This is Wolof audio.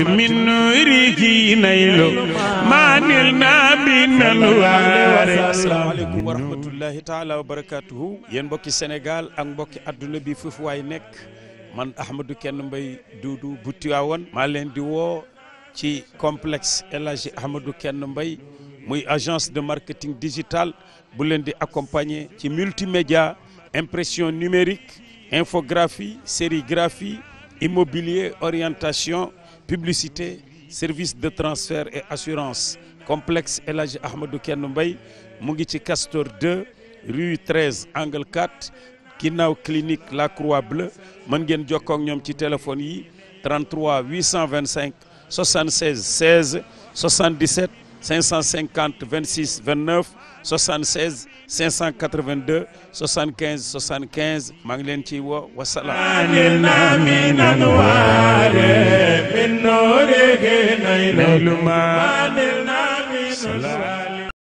من نوره manil ما نلنا wa rahmatullahi taala wa yen bokki Sénégal ak bokki aduna bi fufu way nek man Ahmadou ken Mbaye Doudou bu Tiwaawan maa leen di wo ci complexe El Ahmadou ken muy agence de marketing digital bu len di accompagner ci multimédia impression numérique infographie sérigraphie immobilier orientation publicité, service de transfert et assurance, complexe Elage Ahmadou Castor 2 rue 13 angle 4 Kinao clinique La Croix Bleue mën ngeen Téléphonie 33 825 76 16 77 550 26 29 76 582 75 75 maa ليل ما نلنا من